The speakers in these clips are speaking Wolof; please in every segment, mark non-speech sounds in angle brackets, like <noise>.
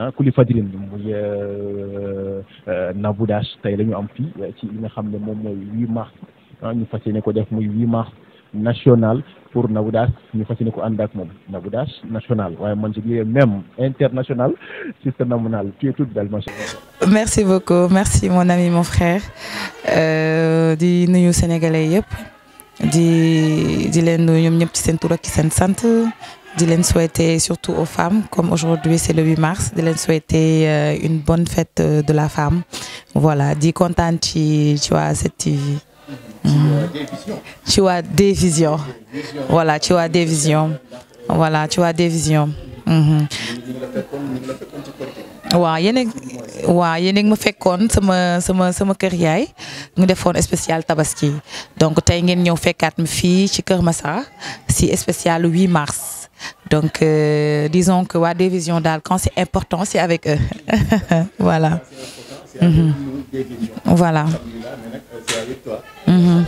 ah kuli fajrin muy euh, euh tey tay lañu am fi euh, ci li nga xam ne moom mooy 8 mars ah, ñu fas yéene ko def muy 8 mars national pour naboudage ñu fas yéene ko andak ak moom national waye man ci dirais même international ci ce national ci tout belle macha merci beaucoup merci mon ami mon frère euh di nuyu sénégalais yépp di di leen nuyu ñoom ñëpp ci sen tour ak ci seen sant de souhaitait souhaiter surtout aux femmes comme aujourd'hui c'est le 8 mars de souhaitait euh, une bonne fête euh, de la femme voilà dit contente, Tu vois mm. cette 7TV tu vois visions. voilà tu vois visions. voilà tu vois Dvision tu as a waaw yéen a ma fekkoon sama sama sama kër yaay Nous defoon spécial tabaski donc tey ngeen fait quatre mi fait ci Kër Massar si spécial 8 mars donc, euh, disons que la des visions d'alcan c'est important, c'est avec eux. <laughs> voilà. -hmm. Voilà. -hmm.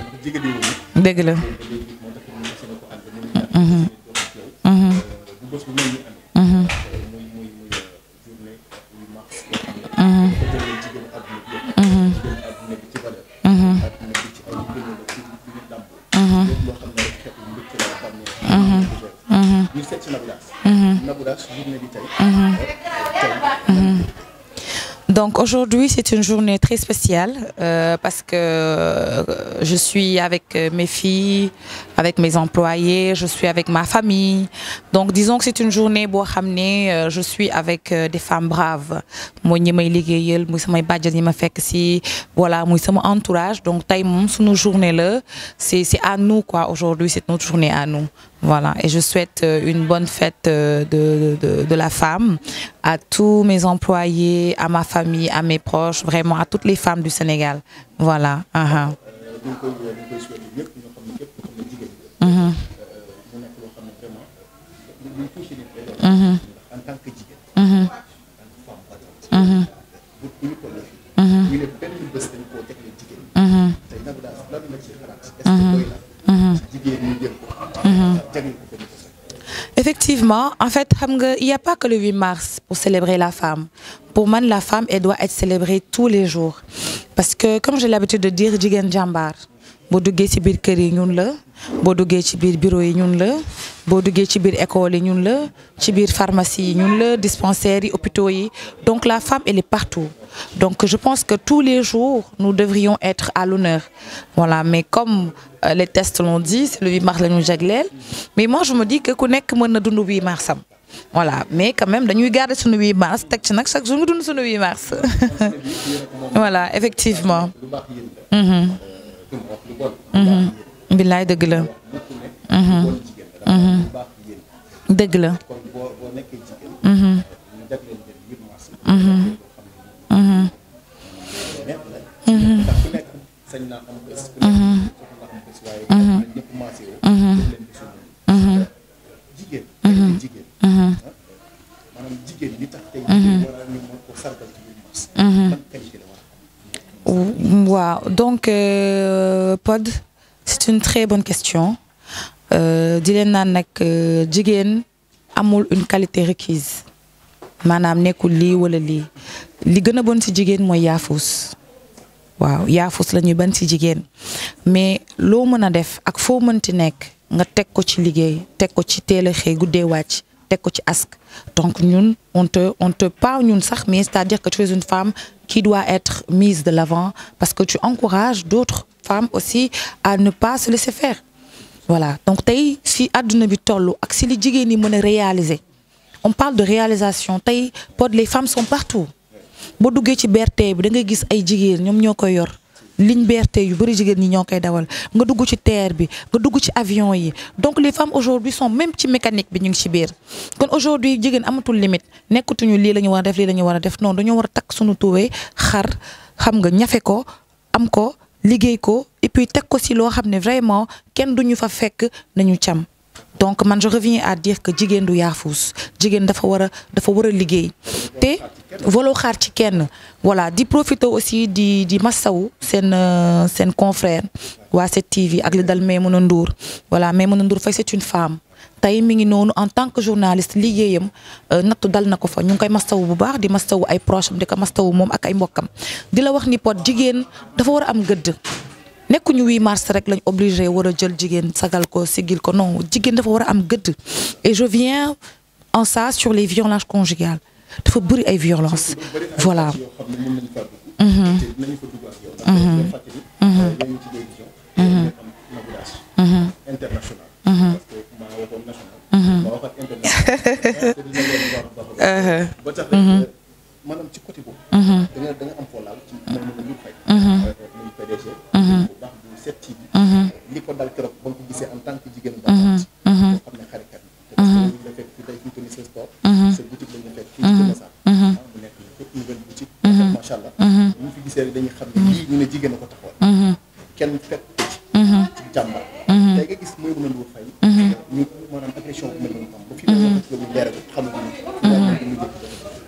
Mhm. Mhm. Euh, mhm. Donc aujourd'hui, c'est une journée très spéciale euh, parce que euh, je suis avec mes filles, avec mes employés, je suis avec ma famille. Donc disons que c'est une journée bo ramener je suis avec des femmes braves. Mo ñi may mes filles, je suis ma voilà, moy mon entourage. Donc tay mom nos journée là, c'est à nous quoi aujourd'hui, c'est notre journée à nous. Voilà, et je souhaite euh, une bonne fête euh, de, la femme à tous mes employés, à ma famille, à mes proches, vraiment à toutes les femmes du Sénégal. Voilà. Uh-huh. Euh, en fait, il n'y a pas que le 8 mars pour célébrer la femme. Pour moi, la femme, elle doit être célébrée tous les jours. Parce que, comme j'ai l'habitude de dire, Jigen Bodugé ci biir bureau yi ñun la boo école yi ñun la ci pharmacie yi ñun la dispensaires yi hôpitaux donc la femme elle est partout donc je pense que tous les jours nous devrions être à l'honneur voilà mais comme euh, les tests l'ont dit c'est le 8 mars nous nous mais moi je me dis que ku nek mën le 8 mars voilà mais quand même dañuy garder son 8 mars teg ci chaque jour nous dund 8 mars <laughs> voilà effectivement. -hmm. billaay dëgg la. dëgg la. waaw donc Pod. c'est une très bonne question euh, di leen naan nag euh, jigéen amul une qualité requise maanaam nekkul lii wala lii li gëna bon ci jigen moy yaafus waaw yaafus la ñuy ban ci jigen mais lo mën def ak fo mënti nek nga tek ko ci liggéey tek ko ci teel xé xëy wacc tek ko ci ask donc ñun on te on te pas ñun sax mais c'est-à-dire que tu es une femme qui doit être mise de l'avant parce que tu encourages d'autres femmes aussi à ne pas se laisser faire voilà donc tey si àdduna bi toll ak si li jigéen ñi mën réaliser on parle de réalisation tey Pod les femmes sont partout boo duggee ci BRT bi da nga gis ay jigéen ñoom ñoo koy yor ligne BRT yu bëri jigéen ñi ñoo dawal nga ci terre bi nga ci avion yi donc les femmes aujourd'hui sont même ci mécanique bi ñu ngi ci biir kon aujourd'hui jigéen amatul limite nekkatuñu lii la ñu war a def lii la ñu war def non dañoo war a takk suñu tuwee xar xam nga ko am ko ko et puis ko si vraiment kenn duñu fa fekk nañu donc man je reviens à dire que jigen du dafa dafa wara té te xaar ci kenn voilà di profité aussi di di massaw sen euh, confrère wa à tv ak le dal Ndour voilà c'est une femme tey mi ngi noonu en tant que journaliste liggéeyam euh, natou dal nako fa ñu ngi koy mastawu bu baax di mastawu ay proche di ko mastawu mom ak ay mbokam di la wax ni Pod jigen dafa wara am geud gëdd ñu 8 mars rek lañ obligé wara jël jigen sagal ko sigil ko non jigen dafa wara am geud et je viens en ça sur les violences conjugales dafa bëri ay violence. voilà. international mhm. mhm. mhm. parce que maa waxoon national. maa ba tax rek ci côté boobu. da nga da nga am mm-hmm. foo laal ci moom la ñu fay. bu gisee en tant jigéen ba baax. boo xam ne xarikat yi. parce la fekk fii tey mu fi gisee rek dañuy xam ne lii ñu ne jigéen a ko taxawal. Mm-hmm. kenn fekk ci mm-hmm. Mm-hmm. Mm-hmm.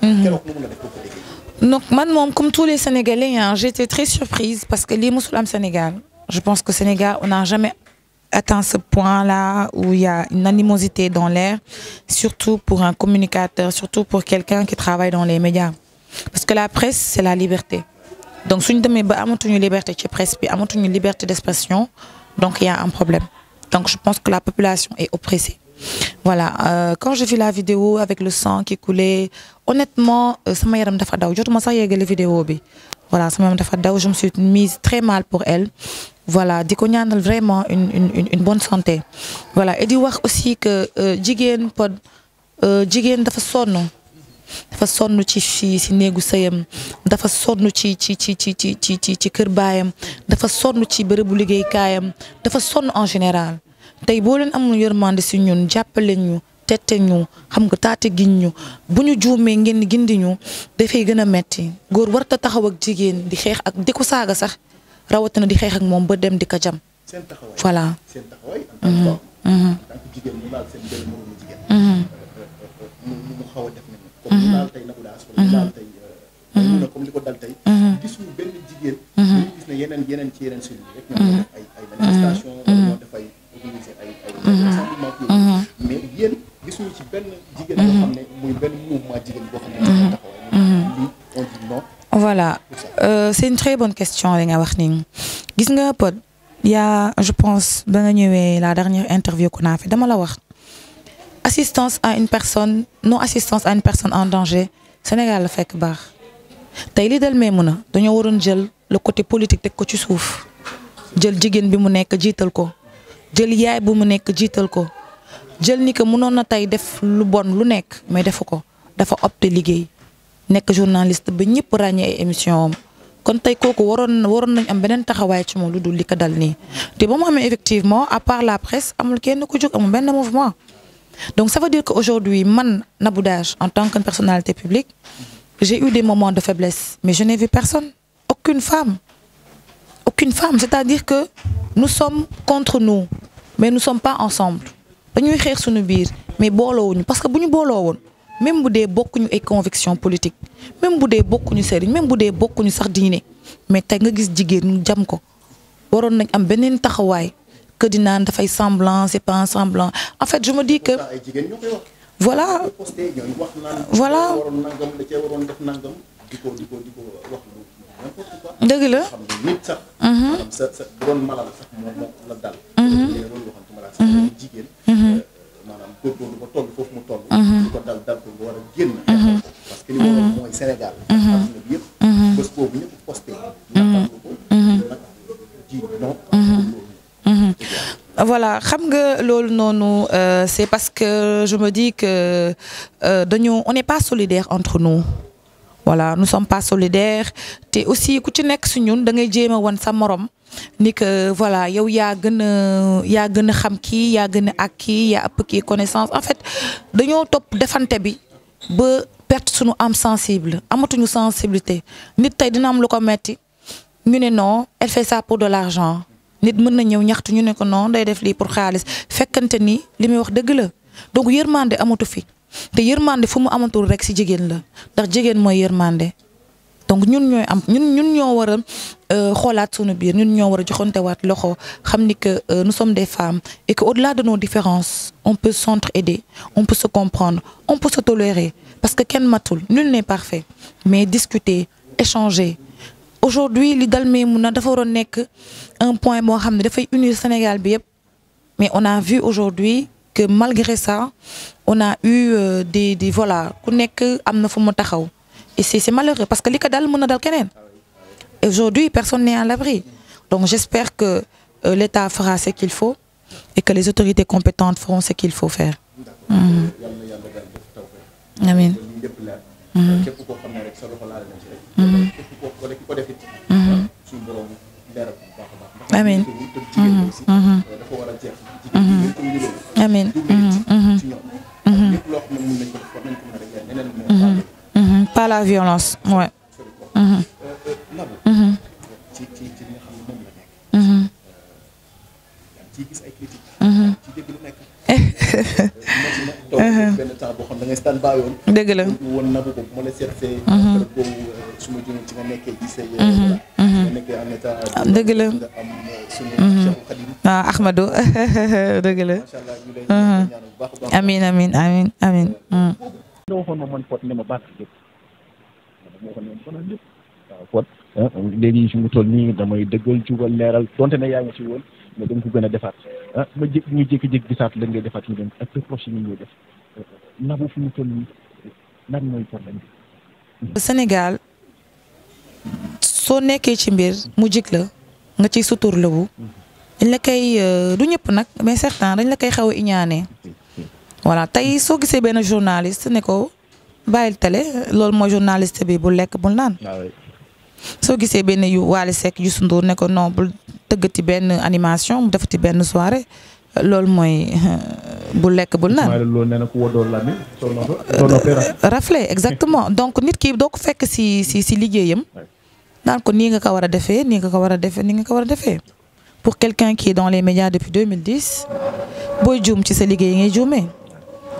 Mm-hmm. donc comme tous les Sénégalais hein, j'étais très surprise parce que les musulmans au Sénégal je pense que Sénégal on n'a jamais atteint ce point-là où il y a une animosité dans l'air surtout pour un communicateur surtout pour quelqu'un qui travaille dans les médias parce que la presse c'est la liberté donc si on a une liberté de presse bi une liberté d'expression donc il y a un problème. Donc je pense que la population est oppressée. Voilà, euh, quand j'ai vu la vidéo avec le sang qui coulait, honnêtement, ça m'a les vidéos. Voilà, ça m'a je me suis mise très mal pour elle. Voilà, a vraiment une, une, une, bonne santé. Voilà, et voir aussi que euh, Jigen, euh, Jigen, dafa sonn ci fii ci néegu sëyam dafa sonn ci ci ci ci ci ci ci ci kër baayam dafa sonn ci bërëbu liggéeykaayam dafa sonn en général tey boo leen amul yërmande si ñun jàppale ñu tette ñu xam nga taati giñ ñu bu ñu juumee ngeen gindi ñu dafay gën a metti góor warta taxaw ak jigéen di xeex ak di ko saaga sax rawatina di xeex ak moom ba dem di ko jam voilà. voilà euh, c'est une très bonne question li nga wax je pense la dernière interview qu'on a fait dama la assistance à une personne non assistance à une personne en danger Sénégal fait fekk bar. Taïli li dal Maimouna dañoo le côté politique teg ko ci suuf jël jigéen bi mu nek jiital ko jël yaay bu mu nek jiital ko jël ni que mënoon na tay def lu bon lu nek mais defuko dafa opté liguey nek journaliste ba ñepp rañé émission kon tay koku waron waron nañ am benen taxaway ci moom lu li ko dal nii te effectivement à part la presse amul kenn ku jóg amul benn mouvement. Donc ça veut dire qu'aujourd'hui, man, Naboudage, en tant qu'une personnalité publique, j'ai eu des moments de faiblesse, mais je n'ai vu personne, aucune femme. Aucune femme, c'est-à-dire que nous sommes contre nous, mais nous ne sommes pas ensemble. Nous sommes mais nous parce que si nous même si beaucoup de convictions politiques, même si beaucoup de sérieux, même si beaucoup de sardines, mais tu as vu des gens qui ont des que di semblant c'est pas un semblant en fait je me dis que voilà voilà Mhm. voilà euh, c'est parce que je me dis que euh, on n'est pas solidaire entre nous voilà nous sommes pas solidaires et aussi ku ci qui sa morom ni que voilà yow y a connaissance en fait top bi ba perte sensible amatuñu sensibilité nit dina am non elle fait ça pour de l'argent nit mën na ñëw ñaxtu ñu ne ko non day def lii pour xaalis fekkante ni li muy wax dëgg la donc yërmande amatu fi te yërmande fu mu amatul rek ci jigéen la ndax jigéen mooy yërmande. donc ñun ñooy am ñun ñun ñoo war a euh, xoolaat suñu biir ñun ñoo war a joxantewaat loxo xam ni que euh, nous sommes des femmes et que au-delà de nos différences on peut s'entraider on peut se comprendre on peut se tolérer parce que kenn matul nul n'est parfait mais discuter échanger aujourd'hui li un point Mohamed unir Sénégal mais on a vu aujourd'hui que malgré ça on a eu euh, des des voilà ku et c'est malheureux parce que les dal aujourd'hui personne n'est à l'abri donc j'espère que euh, l'État fera ce qu'il faut et que les autorités compétentes feront ce qu'il faut faire. ko wala ki ko defit mm-hmm. suñu violence ouais. Mm-hmm. Euh, mm-hmm. ci ci ci <laughs> dëgg la woon nabu ko bu ma la seetsee su ma jëloon ci nga nekkee ci say nga nekkee en état dëgg la waaw ah, Ahmadou <laughs> dëgg la <laughs> amiin amiin amiin amiin mm. nga waxoon ma eh, léegi fi toll nii damay dëggal ci wal donte ne yaa ngi ci woon mais dañ ko gën a defaat ah ñu jékki-jékki gisaat la ngay defaat ñu dem ak reproche yi ñu ñuy def euh, nabu fu ñu toll nii lan Sénégal soo nekkee ci mbir mu jig la nga ci ciy suturlawu dañ la koy euh, du ñëpp nag mais certains dañ la koy xaw a iñaanee tey soo gisee benn journaliste ne ko bàyyil télé loolu mooy journaliste bi bu lekk bu naan. Ah so qui ben yu walé sék Youssou Ndour né ko non bul tëggati ben animation mu ti ben soirée euh, lol moy euh, bu lek bu nan euh, raflé exactement <laughs> donc nit ki doo ko fekk si si si liggéeyam. naan ko ni nga ko wara défé ni nga ko wara défé ni nga ko wara défé pour quelqu'un qui est dans les médias depuis 2010 boy djoum ci sa liggéey ngay juumee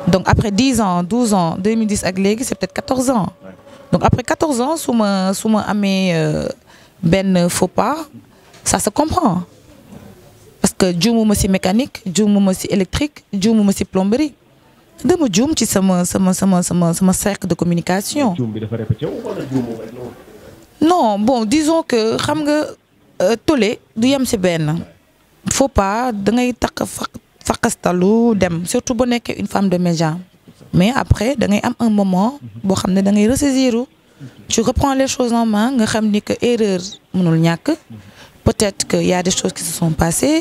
donc après 10 ans 12 ans 2010 ak légui c'est peut-être 14 ans donc après 14 ans si je suis amé ben faux pas ça se comprend parce que je ci mécanique je ci électrique je ci plomberie dama juum ci sama sama sama sama cercle de communication. non bon disons que xam nga euh, tole du yem ci ne faut pas da ngay takk fa fakkastalu dem surtout boo nekkee une femme de mes gens mais après da ngay am un moment où xamné ressaisir tu reprends les choses en main nga xamni que erreur mënul ñak peut-être qu'il y a des choses qui se sont passées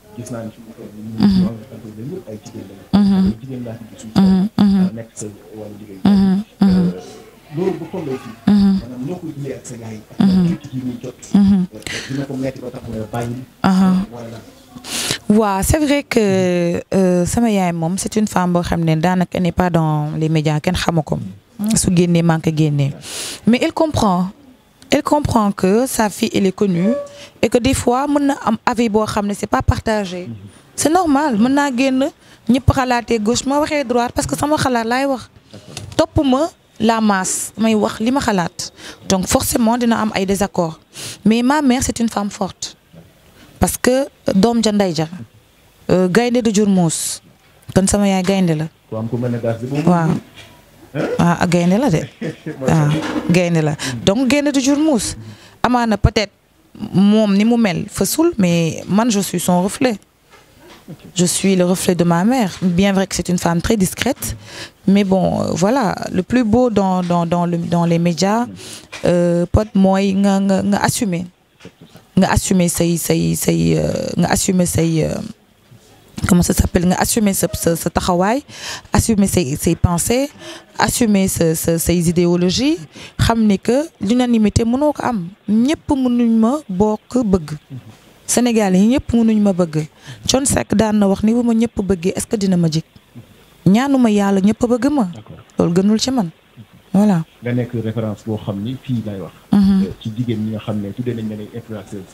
c'est vrai que mhm. euh, sama yaay c'est une femme boo n'est pas dans les médias mhm. mais il comprend elle comprend que sa fille elle est connue et que des fois mon am avis ne c'est pas partagé c'est normal mën naa ni ñëpp à gauche ma waxee droite parce que sama xalaat laay wax pour ma la masse may wax li ma donc forcément dina am des accords. mais ma mère c'est une femme forte parce que dom ja euh, gaine de gaynde du jur muus sama a gaynde la waaw ah, là, ah, la de là. <laughs> Ah, donc gagné du jour mousse. amana peut-être mon ni mu mel mais man je suis son reflet je suis le reflet de ma mère bien vrai que c'est une femme très discrète mais bon euh, voilà le plus beau dans dans dans le dans les médias euh, pote mooy nga nga nga assumer nga assumer c'est c'est say euh, nga assumer comment ça s'appelle nga assumer ce ce, sa taxawaay assumer ses, ses pensées assumer ce, ce, say idéologies xam que l'unanimité mënoo ko am ñëpp mënuñ ma bokk bëgg. Sénégal yi ñëpp mënuñ ma bëgg Thione Seck daan na wax ni buma ñepp ñëpp est-ce que dina ma jig ñaanuma yalla ñepp bëgg ma. loolu gënul ci man voilà. da nek référence bo xam fi lay wax. Mhm. Euh, ci jigéen ñi nga xam ne tuddee nañ la ay influenceuse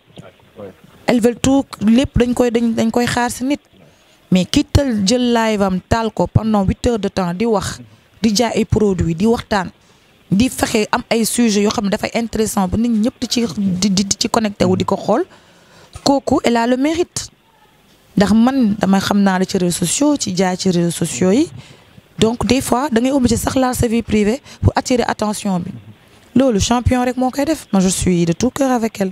elles veulent tout lépp dañ koy dañ koy xaar ci nit mais ki tal jël live am tal ko pendant huit heures de temps di wax di jaay ay produits di waxtan di fexé am ay sujets yo xam ne intéressant ba nit ñepp ci di ci connecté wu diko xol koku elle a le mérite ndax man dama xamna ci réseaux sociaux ci jaay ci réseaux sociaux yi donc des fois da ngay obligé sax la sa vie privée pour attirer attention bi loolu champion rek moo koy def man je suis de tout cœur avec elle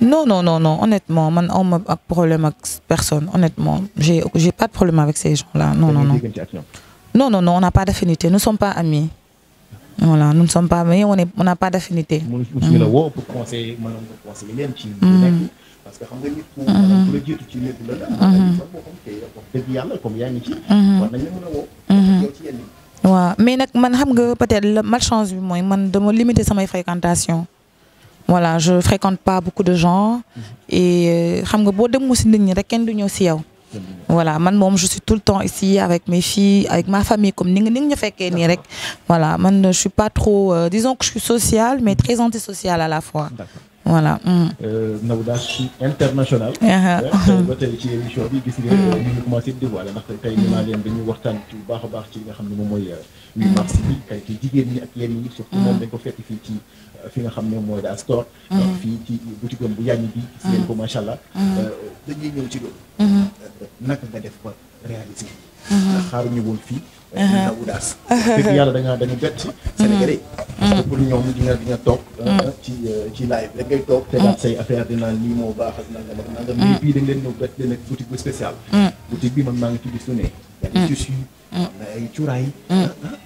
Non, non, non, non. Honnêtement, man, on pas de problème avec personne. Honnêtement, j'ai pas de problème avec ces gens-là. Non, non, non. Non, non, on n'a pas d'affinité. Nous ne sommes pas amis. Voilà, nous ne sommes pas amis, on n'a pas d'affinité. Mm. mais man peut-être malchance bi limité fréquentation voilà je fréquente pas beaucoup de gens mhm. et euh, xam nga boo demul si nit ñi rek kenn du ñëw si yow. voilà man mom je suis tout le temps ici avec mes filles avec ma famille comme ni nga ni nga ñu fekkee nii rek. voilà man je suis pas trop euh, disons que je suis sociale mais très antisociale à la fois. voilà. Mm. Euh, Nawda je suis international. <laughs> Uh-huh. ba tey ci émission bi gis nga mm. ni ñu commencé di dévoiler nak tay ñu naa leen dañuy waxtaan ci baax baax ci nga xam ne moom mooy. 8 euh, mars bi kay ci jigéen ñi ak yenn ñi surtout mom mm. dañ ko fekk fi ci. fi nga xam ne mooy daal store. Mm-hmm. donc fii bu yàññ bi. gis ngeen ko mm-hmm. macha allah. Mm-hmm. Euh, dañuy ñëw ci loolu. Euh, naka nga def ba réaliser. Euh, xaaruñu woon fii. <laughs> da nga dañu bett. Sénégalais. parce que pour ñoom di nga di nga toog. ci ci live rek ngay toog. tegaat say affaire dinaa lii moo baax a nangam ak nangam. mais bii dañ leen ñëw bett leen ak boutique bu spécial. boutique bi man maa ngi ci gis lu ne. yaa ngi tissu. am na ay cuuraay. Ah, ah.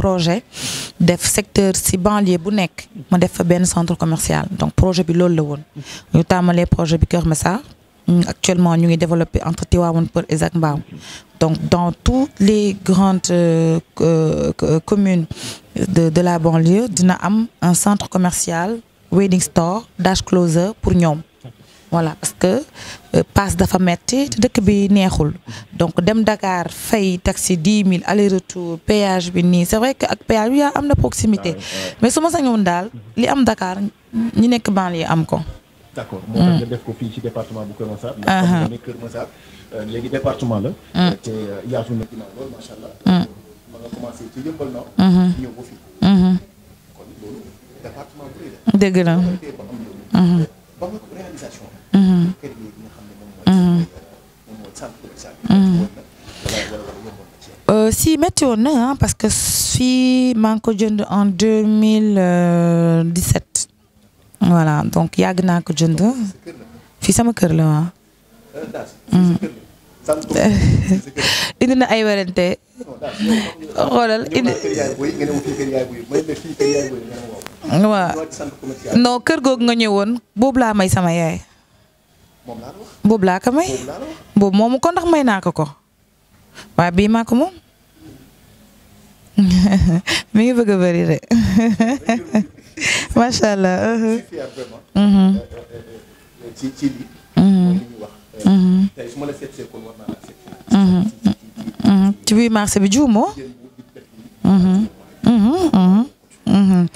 projet def secteur si banlieue bu nek ma def centre commercial donc projet bi lolou la won ñu tamalé projet bi mm, actuellement ñu ngi développé entre Tivaouane pour et donc dans toutes les grandes euh, communes de la banlieue dina am un centre commercial wedding store dash closer pour ñom voilà parce que euh, passe dafa metti te bi neexul donc dem Dakar fay taxi 10000 aller retour péage bi ni c'est vrai que ak péage ya amna proximité ah, mais suma ma dal li am Dakar ñi nekk banlieue am ko. d'accord moo tax mm. def ko fi ci département bu Kër Massar. Ah, ah. ndax Kër Massar euh, département la. Mm. te euh, yaatu na ginnaaw loolu macha allah. Mm. ma nga commencé ci yëppal noo. Mm-hmm. ñëw ba fii. Mm-hmm. kon lolu département bu rëy la. dëgg la. Mm-hmm. ba nga métti woon na parce que fii maa ngi ko jënd en 2017 voilà donc yàgg naa ko jënd fii sama kër la waaw. Hmm. <laughs> indi na ay werante xoolal kër googu nga ñëw woon boobu laa may sama yaay boobu laa ko may boobu moomu ko ndax may naa ko ko waaye bii maa moom mi ngi bëgg a bëri de macha allah. ci ci li ñu wax. tey su ma la seet kon war naa la seet. ci 8 mars bi Mhm.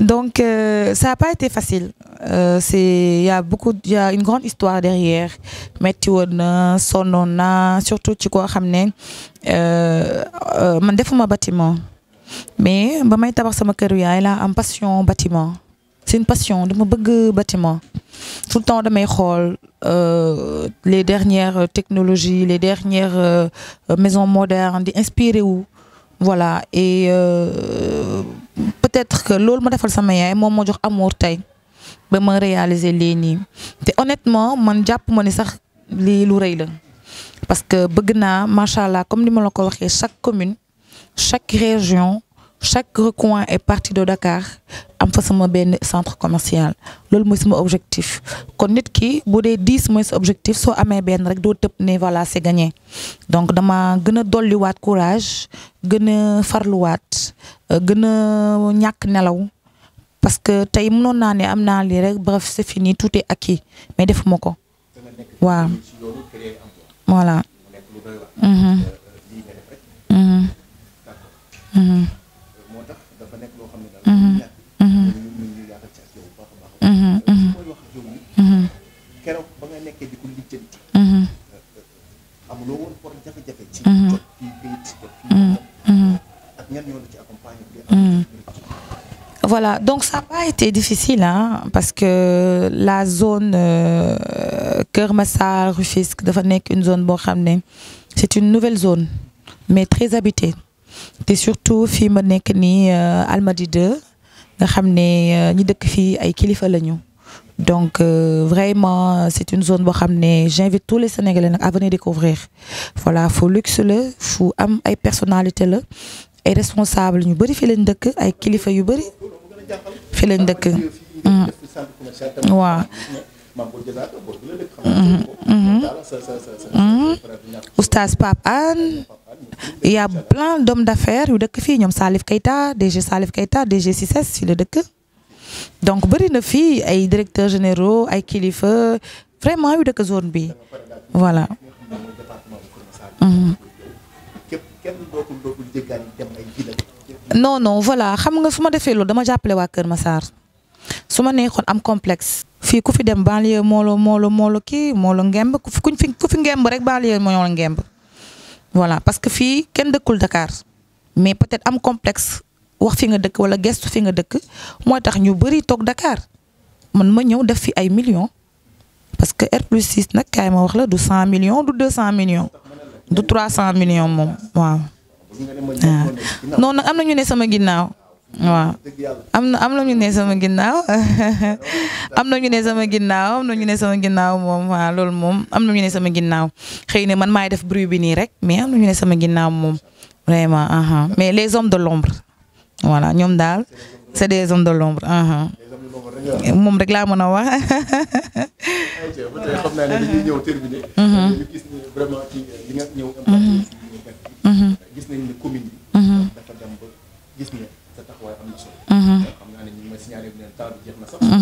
Donc, euh, ça n'a pas été facile. Euh, c'est il y a beaucoup, il y a une grande histoire derrière. tu Sonona, surtout tu vois, ramener. Euh, man mon bâtiment, mais je suis en ça m'a passion bâtiment. C'est une passion, de mon bâtiment. Tout le temps de mes rôles, les dernières technologies, les dernières euh, maisons modernes, inspirées où, voilà. Et peut-être que loolu ma defal sama yaay moom mon jox amour tey ba ma réaliser les nii te honnêtement man jàpp ma ni sax les lu rëy la parce que bëgg machallah comme ni ma la chaque commune chaque région chaque recoin et partie de Dakar am fa sama benn centre commercial loolu mooy sama objectif kon nit ki bu dee dix mooy sa objectif soo amee benn rek doo tëb ne voilà c'est gagné donc dama gën a dolliwaat courage faire le farluwaat gëna a nelaw parce que tay ne amna li bref c'est fini tout est acquis mais des waaw voilà Hmm. Voilà, donc ça n'a pas été difficile, hein, parce que la zone euh, Kermassar, Rufisque, une zone c'est une nouvelle zone, mais très habitée. et surtout fi ma ni ni euh, Almadi 2 nga xam euh, ñi dëkk donc euh, vraiment c'est une zone boo j'invite tous les Sénégalais à venir découvrir voilà faut luxe il faut am personnalité ay responsable ñu bari fi lañ dëkk ay kilifa yu bari fi lañ dëkk mm. waaw mm-hmm. Mm-hmm. oustaz Pape Anne y a plein d'hommes d'affaires yu dëkk fii ñoom Salif Keita DG Salif Keita DG Cices fi la dëkk donc bëri na fii ay directeurs généraux ay kilifa vraiment yu dëkk zone bi voilà. Mm-hmm non non voilà Je nga que je des dama appelé à Massar Si ma un complexe. fii ku fi dem banlieue molo molo molo ki, molo ngemb fi fi ngemb rek banlieue molo ngemb voilà parce que Dakar mais peut-être am complexe wax fi nga dëkk wala guest fi nga dëkk ñu Dakar man ma def fi millions parce que R plus 6 n'a 100 millions ou 200 millions. du 300 millions moom waaw. waaw non am na ñu ne sama ginnaaw. waaw am na am na ñu ne sama ginnaaw <laughs> am na ñu ne sama ginnaaw na ñu ne sama ginnaaw moom waaw loolu moom am na ñu ne sama ginnaaw xëy na man maay def bruit bi nii rek mais am na ñu ne sama ginnaaw moom vraiment uh-huh. mais les hommes de l'ombre voilà ñoom daal c'est des hommes de l'ombre uh-huh. moom rek laa mën a wax. ba tey xam naa ne dañuy ñëw terminé. ñu gis ne vraiment ci na solo. xam naa ne ñu a. ñu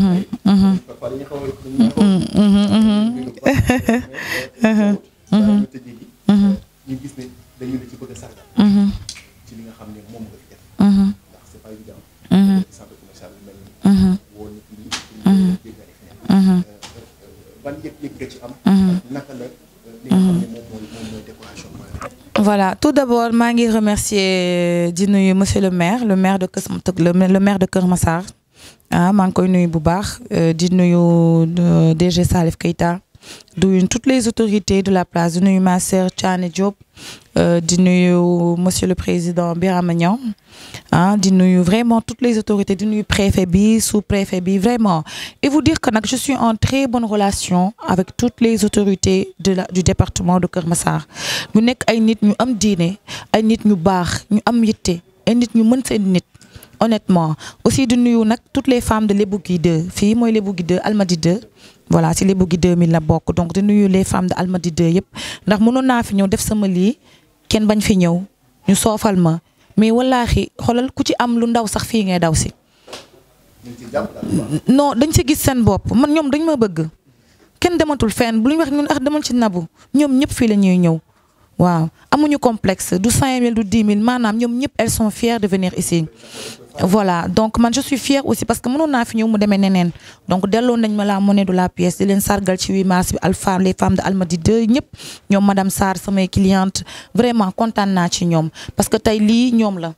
a moom voilà tout d'abord je remercier euh, M. le maire le maire de le maire de Kermassar, ah euh, DG euh, Salif Keita d'où toutes les autorités de la place. De ma sœur Tchane euh, de monsieur le président Biramagnan, hein, de vraiment toutes les autorités, de nous, préfet sous-préfet vraiment. Et vous dire que je suis en très bonne relation avec toutes les autorités de la, du département de Kermassar. Nous sommes diiné dîner, nit ñu bar, nous am yité, ñu mën sen nit. Honnêtement, aussi de nous, toutes les femmes de Lebouguide 2, filles, de l'Ebouki voilà c'est les deux 2000 la bokk donc di nous les femmes de Almadies 2 yep ndax mënoon fi ñëw def sama li kenn bañ fi ñëw ñu sofal ma mais wallahi xolal ku ci am lu ndaw sax fi ngay daw ci non dañ si gis sen bop man ñom dañ ma bëgg kenn dematul fenn bu ñu wax ñun ak ah, demal ci nabu ñom ñëpp fi la ñuy ñëw. waaw amuñu complexe du 5000 du 10 000 ñom ñëpp elles sont fières de venir ici voilà donc man je suis fière aussi parce que mon naa fi ñëw mu demee neneen donc delloo nañ ma la monnaie de la pièce di leen sargal ci 8 mars bi alpha les femmes de Almadi de ñëpp ñoom madame sont mes cliente vraiment content na ci ñoom parce que tey lii là, la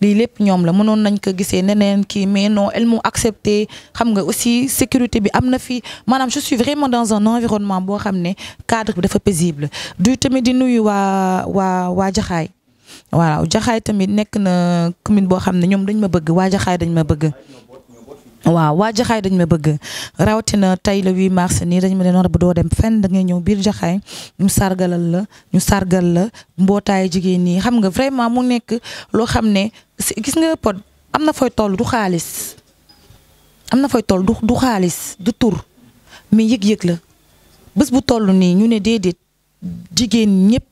lii lépp ñoom la mënoon nañ ko gisee neneen kii mais non elles m'ont accepté xam nga aussi sécurité bi fi je suis vraiment dans un environnement boo xam cadre bi dafa paisible du tamit di nuyu wa wa wa waaw jaxaay tamit nekk na commune boo xam ne ñoom dañ ma bëgg waa jaxaay dañ ma bëgg waaw waa jaxaay dañ ma bëgg rawatina tey le 8 mars nii dañ ma ne noor bu doo dem fenn dangay ñëw biir jaxaay ñu sargalal la ñu sargal la mbootaayu jigéen ñi xam nga vraiment mu nekk loo xam ne gis nga Pod am na fooy toll du xaalis am na fooy toll du du xaalis du tur mais yëg-yëg la bés bu toll nii ñu ne déedéet jigéen ñëpp.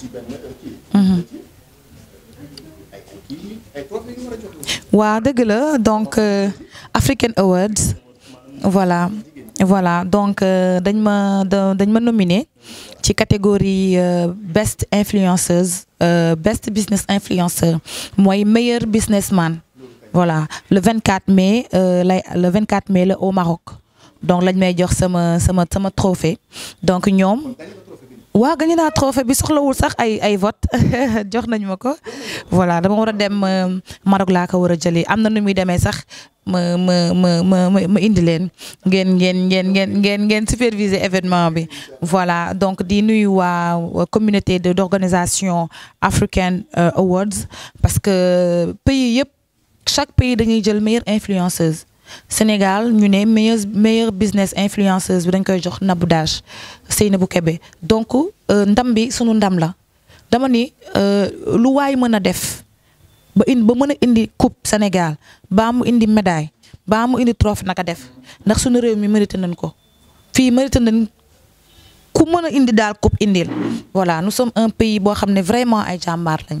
ci benn la donc euh, African Awards voilà voilà donc euh, dañ ma dañ ma nominé ci catégorie euh, best influenceuse best business influenceur moyen meilleur businessman voilà le 24 mai le 24 mai au Maroc donc lañ may jox sama sama sama trophée donc ñom wa gagné naa trophée bi soxlawul sax ay ay vote <laughs> jox nañ ma voilà dama war a dem euh, Maroc laa ko war a jëlee am na nu muy demee sax ma ma ma ma ma indi leen ngeen ngeen ngeen ngeen ngeen ngeen superviser événement bi voilà donc di nuyu waa communauté de d'organisation African euh, awards parce que euh, pays yëpp chaque pays dañuy jël meilleure influenceuse Sénégal ñu ne meilleur meilleur business influenceuse bi dañ koy jox Nabou Dash bu kebe donc euh, ndam bi sunu ndam la dama ni euh, lu waay mën a def ba indi ba mën a indi kup Sénégal baa mu indi médaille baa mu indi trophée a def ndax sunu réew mi mérité nañ ko fii mérité nañ ku mën a indi daal coupe indil voilà nu sommes un pays boo xam ne vraiment ay jàmbaar lañ.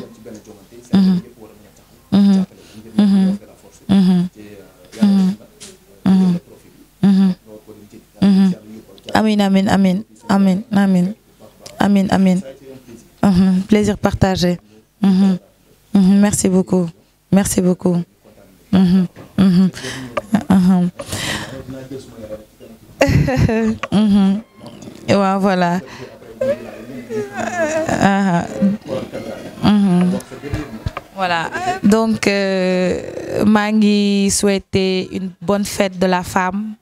Amen, amen, amen, amen, amen, amen, amen, amin plaisir partagé merci beaucoup merci beaucoup voilà voilà, donc je euh, Mangi souhaitait une bonne fête de la femme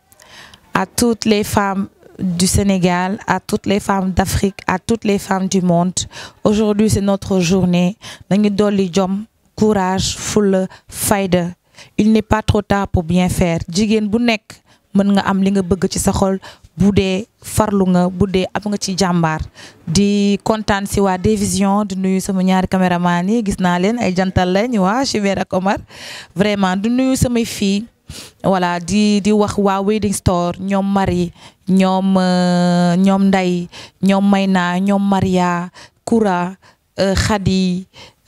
à toutes les femmes du Sénégal, à toutes les femmes d'Afrique, à toutes les femmes du monde. Aujourd'hui, c'est notre journée. Nous donnons courage, full fighter. Il n'est pas trop tard pour bien faire. Jigen bu farlu nga bu dee am nga ci jàmbaar di kontaan si waa Dvision di nuyu sama ñaari caméraman yi gis naa leen ay jantal lañ waa Chimère ak Omar vraiment di nuyu samay fii voilà di di wax waa wedding store ñoom Marie ñoom euh, ñoom Ndeye ñoom Mayna ñoom Maria Koura euh, Khady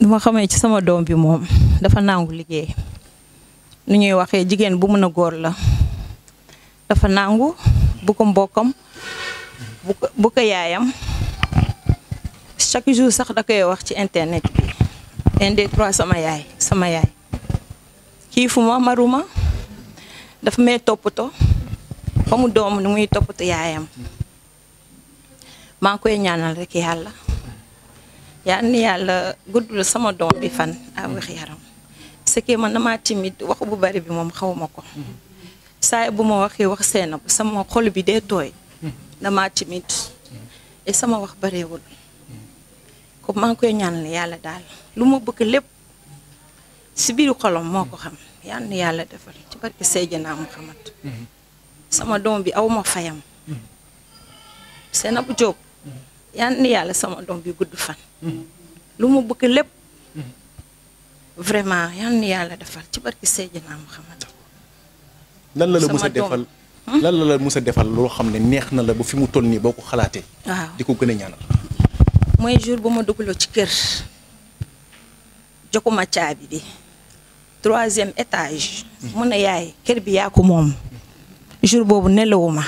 du ma xamee ci sama doom bi moom dafa nangu liggéey nu ñuy waxee jigéen bu mën a góor la dafa nangu bu ko mbokkam bu yaayam chaque jour sax da koy wax ci internet bi inde trois sama yaay sama yaay xiifuma maruma dafa may toppatoo ba mu doom ni muy toppatoo yaayam maa koy ñaanal rekk yàlla yaa ni yàlla guddul sama doom bi fan a mm. wér yaram parce que man damaa timide wax bu bari bi moom xaw ma ko mm-hmm. saay bu ma waxee wax seen sama xol bi dee tooy mm-hmm. damaa timide mm-hmm. et sama wax bareewul ko maa ngi koy ñaanal yàlla daal lu ma bëgg lépp si biiru xolom moo ko xam yaa ni yàlla defal ci barke Seydina Muhammad sama doom bi aw ma fayam seen bu yal yàlla sama doom bi gudd fan. lu mu bëgg lépp. vraiment yal na yàlla defal ci barki Seydina Muhammad. lan la la mës hmm? la la mës a defal loo xam ne neex na la ba fi mu toll nii boo ko xalaatee. waaw di ko gën a ñaanal. mooy jour bu ma dugaloo ci kër. jokuma caabi bi troisième étage. Hmm. mun na yaay kër bi yaa ko moom. jour boobu nelawuma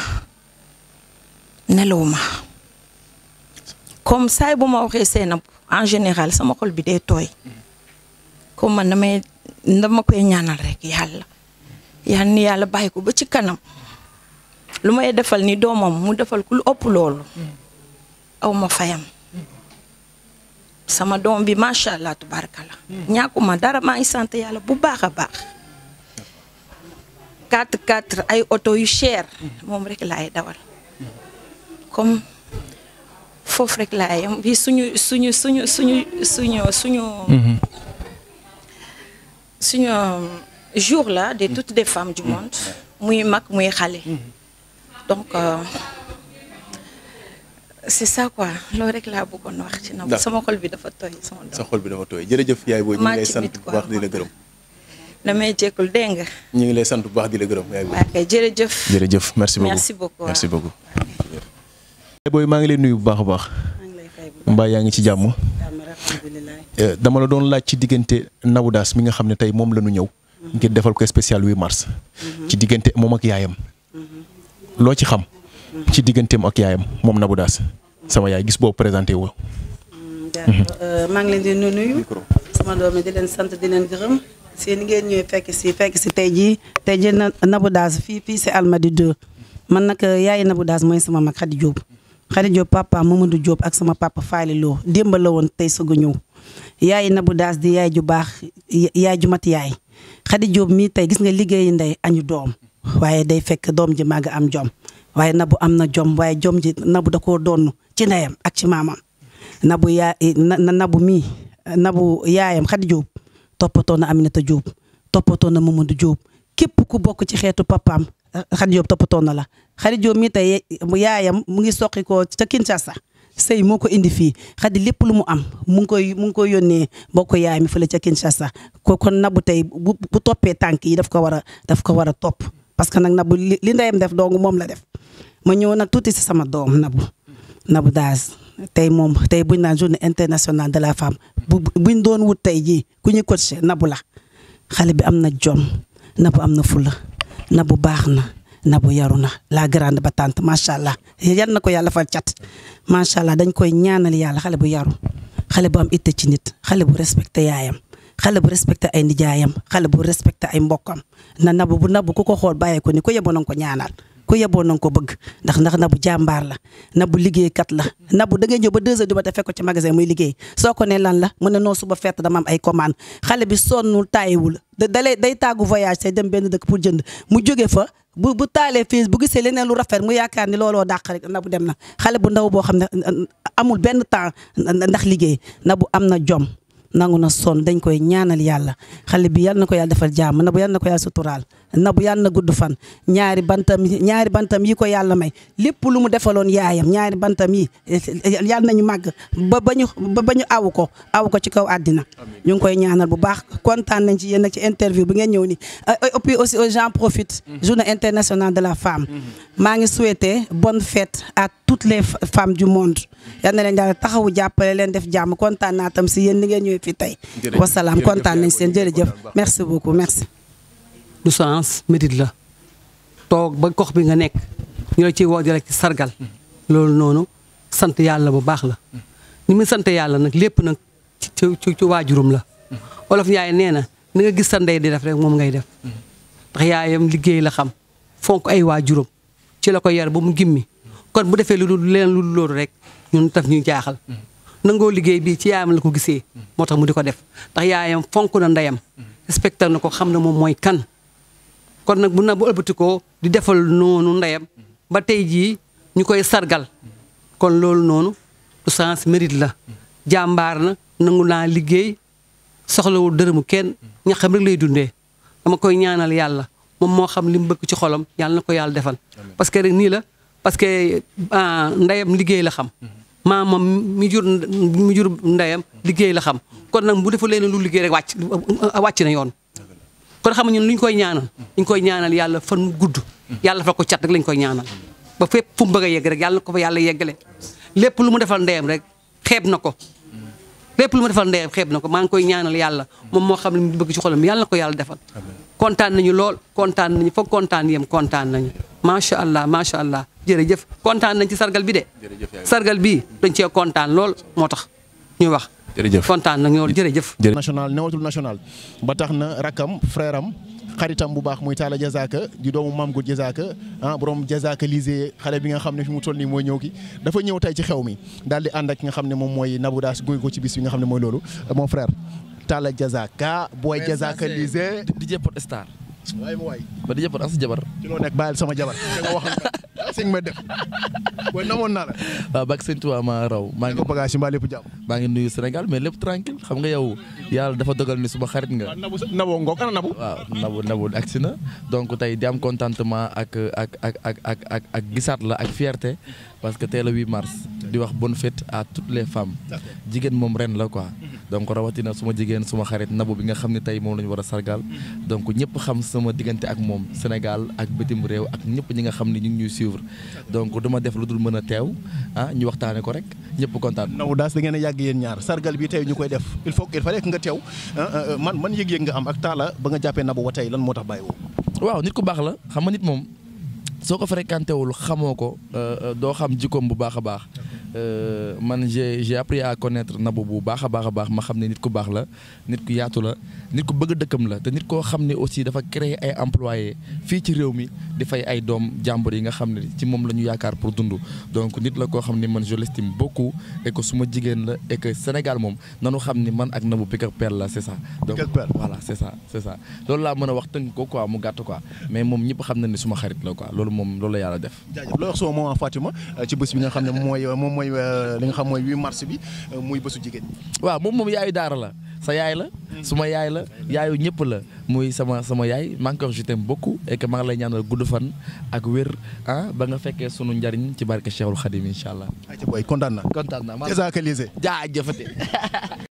nelawuma. comme saay bu ma waxee seenab en général sama xol bi dee tooy comme man damay dama koy ñaanal rek yàlla yal yàlla bàyyi ko ba ci kanam lu may defal ni doomam mu defal ku lu ëpp loolu aw ma fayam sama doom bi macha allah tubaraka la ñàkkuma dara maa ngi sant yàlla bu baax a baax quatre quatre ay oto yu cher moom rek laay dawal comme fof rek la yam bi suñu suñu suñu suñu suñu suñu mhm. suñu euh, jour là de toutes les femmes du monde muy mak muy xalé mhm. donc euh, c'est ça quoi lo rek la bu ko wax ci na sama xol bi dafa toy sama sa xol bi dafa toy jërëjëf yaay booy ñu ngi lay sant bu baax di la gërëm damay jékkul dégg nga ñu ngi lay sant bu baax di la gërëm yaay booy jërëjëf jërëjëf merci beaucoup merci beaucoup boy ma ngi lay nuyu bu baax baax mbaa ya ngi ci jamm eh, dama la doon laaj ci diggante Nabou mi nga xam tay mom lañu la ñu ñëw mhm. ngir defal ko spécial 8 mars mhm. ci diggante mom ak yaayam mhm. lo ci xam ci mom ak yaayam mom nawdas sama yaay gis bo présenté wu mm, euh, ma ngi lay di nuyu sama doomi di len sante di len gërëm seen ngeen ñëwee fekk ci fekk ci tay ji tay ji nawdas fi fi fii almadi 2 man nak euh, yaay Nabou Dash mooy sama mak khadi Diop xarit Diop papa Mamadou Diop ak sama papa Faly Lo démb la woon tey sog a ñëw yaay Nabou Daas di yaay ju baax yaay ju mat yaay xarit Diop mii tey gis nga liggéeyi ndey añu doom waaye day fekk doom ji màgg am jom waaye Nabou am na jom waaye jom ji nabu da koo doon ci ndeyam ak ci maamam nabu yaa Nabou mii Nabou yaayam xarit Diop toppatoo na Aminata Diop toppatoo na Mamadou Diop képp ku bokk ci xeetu papaam xarit Diop toppatoo na la Khadijo mi tay mu yaayam mu ngi soxi ko ca Kinshasa sëy moo ko indi fii xadi lépp lu mu am mu ngi koy mu ngi koy yónnee mbokk yaay mi fele ca Kinshasa ko kon nabu tay bu topé toppee tànk yi daf ko war a daf ko war a topp parce que nag nabu li li def dong moom la def ma ñëw nak tuuti si sama doom nabu nabu daas tay mom tay buñ naan journée internationale de la femme buñ doon wut tey jii ku ñi coaché nabu la xale bi amna jom nabu amna fula nabu baxna Nabou yaru na la grande battante macha allah yal na ko yàlla fal cat macha allah dañ koy ñaanal yàlla xale bu yaru xale bu am itte ci nit xale bu respecté yaayam xale bu respecté ay nijaayam xale bu respecté ay mbokkam na Nabou bu Nabou ku ko xool bàyyee ko ni ko yeboon ko ñaanal. ku yeboo na nga ko bëgg ndax ndax nabu jàmbaar la nabu liggéeykat la nabu da ngay ñëw ba deux heures ko ci magasin muy liggéey soo ko nee lan la mu ne non suba fête dama am ay commande xale bi sonnul taayiwul dalay day taagu voyage say dem benn dëkk pour jënd mu jóge fa bu bu taalee fii bu gisee leneen lu rafet mu yaakaar ni looloo dàq rek nabu dem na xale bu ndaw boo xam ne amul benn temps ndax liggéey nabu am na jom nangu na sonn dañ koy ñaanal yàlla xale bi yàlla na ko yàlla defal jàmm nabu yàlla na ko yàlla suturaal Nabou yàlla na gudd fan ñaari bantam ñaari bantam yi ko yàlla may lépp lu mu defaloon yaayam ñaari bantam yi yàlla nañu màgg ba ba ñu ba ñu aw ko aw ko ci kaw addina ñu ngi koy ñaanal bu baax kontaan nañ ci yéen ci interview bi ngeen ñëw ni ah, ah, et aussi euh, j'en profite mm-hmm. journée internationale de la femme mm-hmm. maa ngi souhaité bonne fête à toutes les femmes du monde yal na leen taxawu jàppale leen def jàmm kontaan si yéen ni ngeen ñëwee fii tey wasalaam kontaan nañ seen jërëjëf merci beaucoup merci du sens médit la toog ba gox bi nga nekk ñu la ciy woo di ci sargal loolu noonu sant yàlla bu baax la ni mu sant yàlla nag lépp nag ci ci waajurum la olof yaay nee na ni nga gis sa ndey di def rek moom ngay def ndax yaayam liggéey la xam fonk ay waajuram ci la ko yar ba mu gimmi kon bu defee lu dul leen lu loolu rek ñun taf ñu jaaxal nangoo liggéey bi ci yaayam la ko gisee moo tax mu di ko def tax yaayam fonk na ndeyam respecté na ko xam ne moom mooy kan kon nak bu nabu bu di defal nonu ndayam ba tay ji ñukoy sargal kon loolu nonu du sens mérite la jambar na nangu naa liggéey soxlawul dërëmu kenn ñaxam rek lay dundé dama koy ñaanal yalla mom mo xam lim bëkk ci xolam yalla nako ko defal parce que rek ni la parce que ah, ndayam liggey la xam maamam mi jur mi jur ndayam liggey la xam kon nak bu lu liggey rek wacc wacc na yoon kon xam ñun luñ koy ñaanal ñu koy ñaanal fa fan gudd yalla fa ko ciat rek lañ koy ñaanal ba fepp fu mbeug yegg rek yalla ko fa yalla yeggale lepp lu mu defal ndeyam rek xeb nako lepp lu mu defal ndeyam xeb nako ko ngi koy ñaanal yalla mom mo xam ne bëgg ci xolam yalla ko yalla defal kontaan nañu lool kontaan nañu fa yam nañu sha allah sha allah jef kontaan nañ ci sargal bi de sargal bi dañ ci kontaan lool motax ñu wax jërëjëf na nag ñoo jërëjëf. national newatul national ba tax na rakam frère am xaritam bu baax muy Talla Diazaka di doomu Mame Gour Diazaka ah borom Diazaka lisé xale bi nga xam ne fi mu toll nii mooy ñëw ki dafa ñëw tey ci xew mi daal di ànd ak nga xam ne moom mooy Nabou Dash ko ci bis bi nga xam ne mooy loolu mon frère Talla Diazaka booy Diazaka lisé DJ Pod Star waaye mu waay. ba di jabar as jabar. ci loo nekk bàyyil sama jabar. te ma def. booy namoon naa la. waaw bak sëñ Tuubaa ma raw. maa ngi ko bagage yi maa ngi nuyu Sénégal mais lépp tranquille xam nga yow yàlla dafa dogal ni suma xarit nga. nabu naboo ngoog ana nabu. waaw nabu nabu na donc tey di am contentement ak ak ak ak ak ak gisaat la ak fierté parce que tey la 8 mars. di wax bonne fête à toutes les femmes. jigéen moom ren la quoi. donc rawatina suma jigéen suma xarit nabu bi nga xam ne tey moom la ñu war a sargal donc ñëpp xam sama diggante ak moom Sénégal ak bitim réew ak ñëpp ñi nga xam ne ñu ngi ñuy suivre donc duma def lu dul mën a teew ah ñu waxtaane ko rek ñëpp kontaan. naw daas da ngeen yàgg yéen ñaar sargal bi tey ñu koy def il faut il fallait que nga teew ah, ah, ah, man man yëg-yëg nga am ak taala ba nga jàppee nabu wa tey lan moo tax bàyyi woo waaw nit ku baax la xam nga nit moom soo ko wul xamoo ko euh, euh, doo xam jikkoom bu baax a baax Euh, man j'ai j'ai appris à connaître Nabou bu baax baax ma xamné nit ku baax la nit ku yaatu la nit ku bëgg dëkkam la té nit ko xamné aussi dafa créer ay employés fi ci réew mi di ay dom jambour yi nga xamné ci mom lañu ñu pour dund donc nit la ko xamné man je l'estime beaucoup et que suma jigen la et que Sénégal mom nañu xamné man ak Nabou Pick ak Pelle la c'est ça donc voilà c'est ça c'est ça lolou la mëna wax tënk ko quoi mu gàtt quoi mais mom ñëpp xamné ni suma xarit la quoi lolou mom lolou la yalla def mooy euh, li nga xam mooy 8 mars bi euh, muy bésu jigéen waaw moom moom yaayu daara la sa yaay la mm. suma yaay la yaayu ñëpp la muy sama sama yaay maa ngi koy wax je maa lay ñaanal gudd fan ak wér ah, ba nga fekkee sunu njariñ ci barke Cheikhul Khadim incha allah. ayca booy kontaan naa kontaan naa. jazakalise jaajëfate. <laughs>